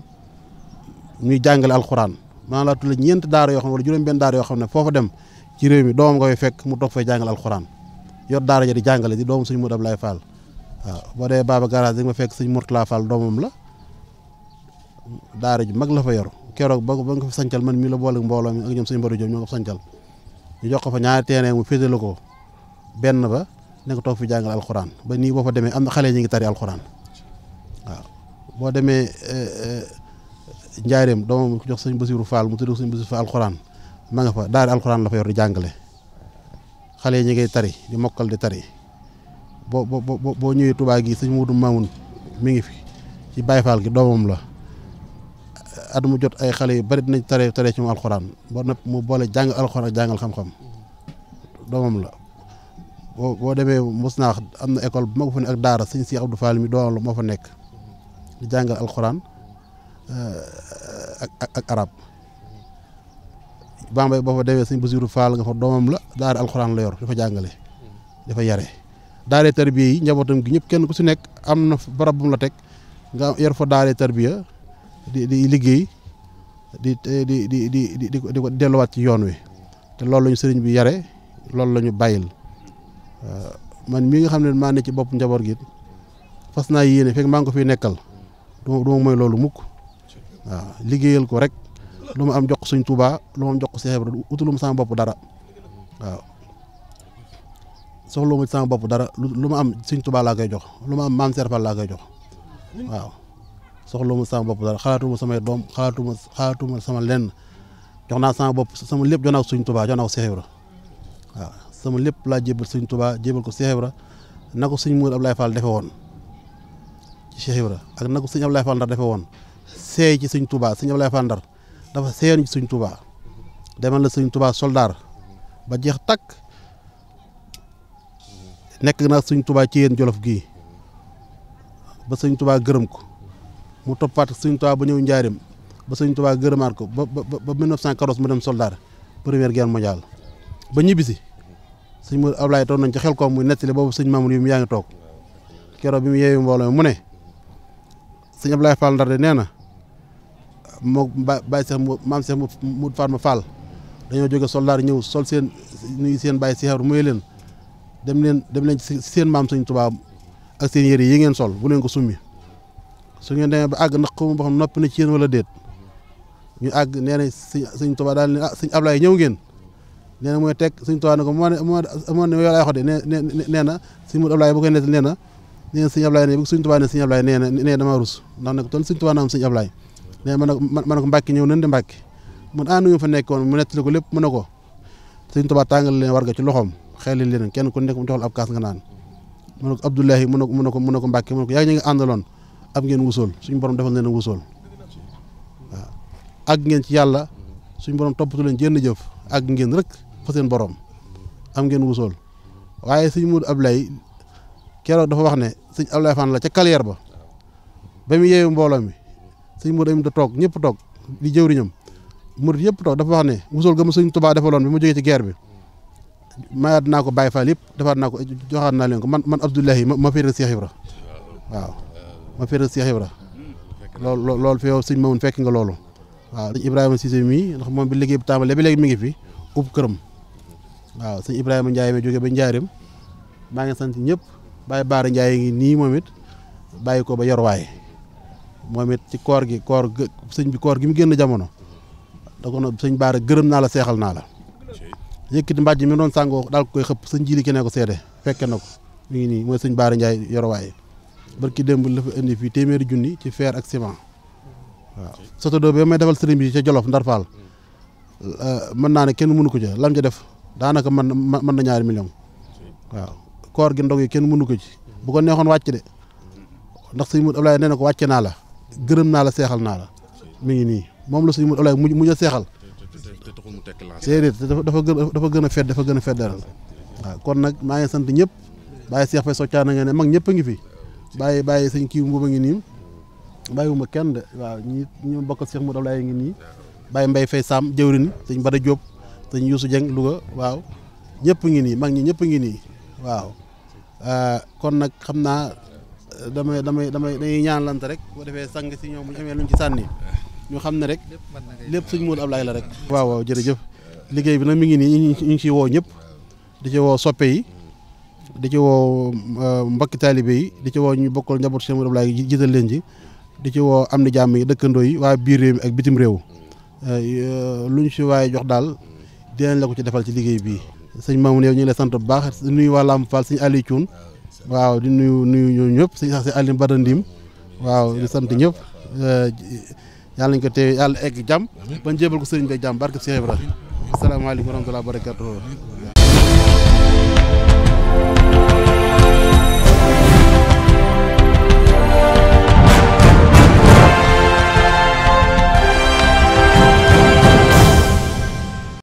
ñuy jàngale alxuraan mën naa laa tuddal ñeent daara yoo xam ne wala juróom benn daara yoo xam ne foofa dem ci réew mi doomam nga koy fekk mu toog fay jàngale alxuraan yor daara ja di jàngale di doomam suñ mu dam lay faal waaw boo dee baaba garage di nga fekk suñ Murtala Fall doomam la daara ju mag la fa yor keroog ba ba nga ko fa man mii la boole mbooloo mi ak ñoom sëñ Badou Diop ñoo nga fa sancal ñu jox ko fa ñaar terrain mu féetale ko benn ba nekk ko toog fi jàngal alxuraan ba nii boo fa demee am na xale ñi ngi tari alxuraan waaw demee eh, eh, njaareem doomam ko jox sëñ Basiru Fall mu tudd sëñ Basiru Fall alxuraan ma nga fa daara alxuraan la fa yor di jàngale xale yi ñu ngay tari di mokkal di tari boo boo boo ñëwee Tuubaa gi sëñ Muudu Maamun mi ngi fi ci Baay Faal gi doomam at mu jot ay xale yu bari dinañ tare tare ci mu alxuraan ba nopp mu boole jàng alxuraan ak jàngal xam-xam boo boo demee am na école bu mag fa ne ak daara sëñ moo fa nekk di jàngal alxuraan eh, ak ak sëñ Basiru fa la daara alxuraan la yor dafa jàngale dafa yare daara tarbiya yi njabootam gi ñëpp kenn ku si nekk am na barab la teg nga yor fa daara tarbiya di liggéey di di di di di delluwaat ci yoon wi te loolu lañu sëriñ bi yare loolu la ñu bàyyil euh, man mii nga xam ne maa ne ci bopp njaboot gi fas naa yéene fekk maa ngi ko fi nekkal du mooy loolu mukk liggéeyal ko rek lu ma am jox suñ Tuubaa lu ma am jox ko Seex Ibra utuluma sama bopp dara waaw soxluma sama bopp dara lu ma am suñ Tuubaa laa koy jox lu ma am maam Serfal laa koy jox soxlawuma sama bopp dara xalaatuma samay doom xalaatuma xalaatuma sama lenn jox naa sama bopp sama lépp jox naa ko Sëriñ Tuubaa jox naa ko Seex Ibra waaw sama lépp laa jébal Sëriñ Tuubaa jébal ko Seex Ibra na ko Sëriñ Mouride Ablaye Fall defe woon ci Seex Ibra ak na ko Sëriñ Ablaye Fall Ndar defe woon seey ci Sëriñ Tuubaa Sëriñ Ablaye Fall Ndar dafa seeyoon ci Sëriñ Tuubaa demal la Sëriñ Tuubaa soldaar ba jeex takk nekk na Sëriñ Tuubaa ci yéen Jolof gii ba Sëriñ Tuubaa gërëm ko mu toppaat Sëñ Tuubaa ba ñëw njaarim ba Sëñ Tuubaa gërëmaat ko ba ba ba 1914 mu dem soldat première guerre mondiale ba ñibbisi sëñ Mourou Ablaye toog nañ ci xel ko mu nettali boobu sëñ Mamour yi mu yaa ngi toog keroog bi mu yeewi mbooloo mu ne sëñ Ablaye Fall Ndar de nee na moo bàyyi seex mu maam seex mu Fatma Fall dañoo jóge soldat ñëw sol seen nuyu seen bàyyi si muy leen dem leen dem leen ci seen maam sëñ tubaab ak seen yére yi ngeen sol bu leen ko summi suñ ngeen demee ba àgg ndax xaw ma boo na ci yéen wala déet ñu àgg nee na sëñ sëñ Tuubaa daal ne ah sëñ Ablaye ñëw ngeen nee na mooy teg sëñ ko moo ne moo ne yow laay wax de nee na sëñ bu koy nettali nee na nee na sëñ Ablaye ne bu sëñ Tuubaa ne nee na nee dama rus ndax ne ko toll sëñ Tuubaa na am sëñ Ablaye nee na ma ne ko Mbàkke ñëw nañ de Mbàkke mun ànd ñu fa nekkoon mu nettali ko lépp mu ne ko sëñ Tuubaa tàngal leen war nga ci loxoom xelil leen kenn ku nekk mu joxal ab nga naan mu ko Abdoulahi mu ne ko mu ne ko Mbàkke mu ne ngi àndaloon am ngeen wusool suñu borom defal leen wusool waaw ak ngeen ci yàlla suñu borom toppatu leen jenn jëf ak ngeen rek fa boroom am ngeen wusool waaye sëñ Modou Ablaye keroog dafa wax ne sëñ Ablaye fan la ca carrière ba ba mu yeewu mbooloo mi sëñ Modou am da toog ñëpp toog di jëw jëwriñam murit yëpp toog dafa wax ne wusool ga ma sëñ Tuubaa defaloon bi ma jógee ci geer bi mayaat naa ko Baye Fall yëpp defaat naa ko joxaat naa leen ko man man Abdoulahi ma ma féetal Cheikh Ibra waaw ma féetal Cheikh Ibra fekk nga loolu Ibrahima Cissé mii ndax bi liggéey bu tàmbalee ba léegi mi ngi fi ub këram waaw sëñ Ibrahima Ndiaye mi jógee ba Njaareem maa ngi sant ñëpp Baye Baara Ndiaye nii moom it ko ba yorwaay moom ci koor gi koor koor gi mu génn jamono da ko no sëñ Baara gërëm naa la seexal naa la yëkkati mbàjj mi doon sàngoo daal koy xëpp sëñ jiili ki ko seede fekke na ko ngi nii mooy sëñ Baara Ndiaye yorwaay barki démb la fa indi fii téeméeri junni ci feer ak ciment waaw soto doo ba may defal sëriñ bi ca Jolof Ndar Fall euh, mën naa ne kenn mënu ko ca lam ca def daanaka man na mën na ñaari million waaw koor gi ndog yi kenn mënu ko ci bu ko neexoon wàcc de ndax sëñ mu Ablaye nee na ko wàcce naa la gërëm naa la seexal naa la mu ngi nii moom la sëñ mu Ablaye mujj mujj a seexal déedéet dafa dafa gën a fet dafa gën a fet dara waaw kon nag maa ngi sant ñëpp bàyyi seex fay soccaa na nga mag ñëpp a ngi fi bàyyi bàyyi sëñ kii mbuuba ngi nii bàyyiwuma kenn de waaw ñi ñu bokk Cheikh Modou Abdoulaye ngi nii bàyyi mbay fay saam jëwriñ sëñ Bada Diop sëñ Youssou Dieng Louga waaw ñëpp ngi nii mag ñi ñëpp ngi nii waaw euh, kon nag xam naa damay damay damay dañuy ñaanlante rek boo defee sang si ñoom bu ñu amee luñ ci sànni ñu xam ne rek lépp sëñ Modou Abdoulaye la rek waaw waaw jërëjëf liggéey bi nag mi ngi nii ñu ngi ciy woo ñëpp di ci woo soppe yi di ci woo euh, mbokki taalibe yi di ci woo ñu bokkal njabootu Cheikh Mourou Abdoulaye jiital leen ji di ci woo am na jàmm yi dëkkandoo yi waa biir réew mi ak bitim réew euh, lu ñu si waaye jox daal dinañ la ko ci defal ci liggéey bii. sëñ Mamoune yow ñu ngi sant bu baax di nuyu waa Lamp Fall sëñ Aliou Thioune waaw di nuyu nuyu ñooñu ñëpp sëñ sax si Aliou Bada Ndim waaw di sant ñëpp euh, yàlla nañ ko teew yàlla egg jàmm. ba jébal ko sëriñ bi jàmm barke Cheikh Ibrahima. asalaamaaleykum wa rahmatulah wa